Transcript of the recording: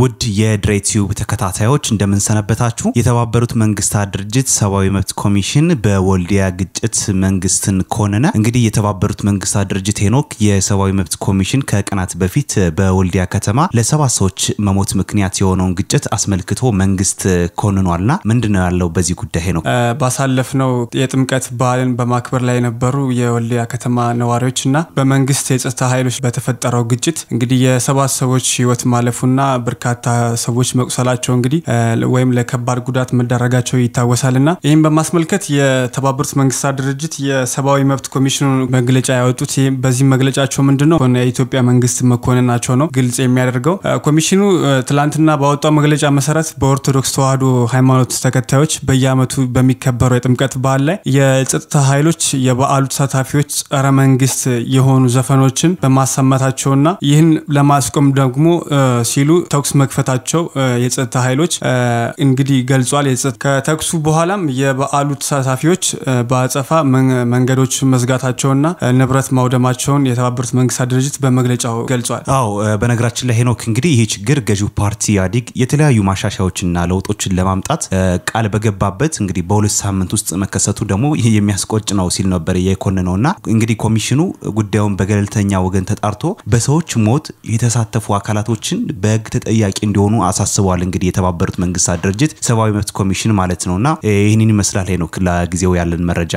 ውድ የድሬ ቲዩብ ተከታታዮች እንደምንሰነበታችሁ። የተባበሩት መንግስታት ድርጅት ሰብአዊ መብት ኮሚሽን በወልዲያ ግጭት መንግስትን ኮንነ። እንግዲህ የተባበሩት መንግስታት ድርጅት ሄኖክ የሰብአዊ መብት ኮሚሽን ከቀናት በፊት በወልዲያ ከተማ ለሰባት ሰዎች መሞት ምክንያት የሆነውን ግጭት አስመልክቶ መንግስት ኮንኗልና ምንድን ነው ያለው በዚህ ጉዳይ ሄኖክ? ባሳለፍነው የጥምቀት በዓልን በማክበር ላይ የነበሩ የወልዲያ ከተማ ነዋሪዎች እና በመንግስት የጸጥታ ኃይሎች በተፈጠረው ግጭት እንግዲህ የሰባት ሰዎች ህይወት ማለፉና በርካታ ሰዎች መቁሰላቸው እንግዲህ ወይም ለከባድ ጉዳት መዳረጋቸው ይታወሳል ና ይህም በማስመልከት የተባበሩት መንግስታት ድርጅት የሰብአዊ መብት ኮሚሽኑ መግለጫ ያወጡት በዚህ መግለጫቸው ምንድን ነው የኢትዮጵያ መንግስት መኮንናቸው ነው ግልጽ የሚያደርገው ኮሚሽኑ ትላንትና ባወጣው መግለጫ መሰረት በኦርቶዶክስ ተዋህዶ ሃይማኖት ተከታዮች በየአመቱ በሚከበረው የጥምቀት በዓል ላይ የጸጥታ ኃይሎች የበዓሉ ተሳታፊዎች ጸረ መንግስት የሆኑ ዘፈኖችን በማሰማታቸውና ይህን ለማስቆም ደግሞ ሲሉ ተኩስ ተኩስ መክፈታቸው የጸጥታ ኃይሎች እንግዲህ ገልጿል። ከተኩሱ በኋላም የበዓሉ ተሳታፊዎች በአጸፋ መንገዶች መዝጋታቸውና ንብረት ማውደማቸውን የተባበሩት መንግስታት ድርጅት በመግለጫው ገልጿል። አዎ በነገራችን ላይ ሄኖክ እንግዲህ ይህ ችግር ገዢው ፓርቲ ኢህአዲግ የተለያዩ ማሻሻያዎችና ለውጦችን ለማምጣት ቃል በገባበት እንግዲህ በሁለት ሳምንት ውስጥ መከሰቱ ደግሞ የሚያስቆጭ ነው ሲል ነበር የኮነነው እና እንግዲህ ኮሚሽኑ ጉዳዩን በገለልተኛ ወገን ተጣርቶ በሰዎች ሞት የተሳተፉ አካላቶችን በህግ ተጠያ እንዲሆኑ አሳስበዋል። እንግዲህ የተባበሩት መንግስታት ድርጅት ሰብአዊ መብት ኮሚሽን ማለት ነውና ይህንን ይመስላል ነው ለጊዜው ያለን መረጃ።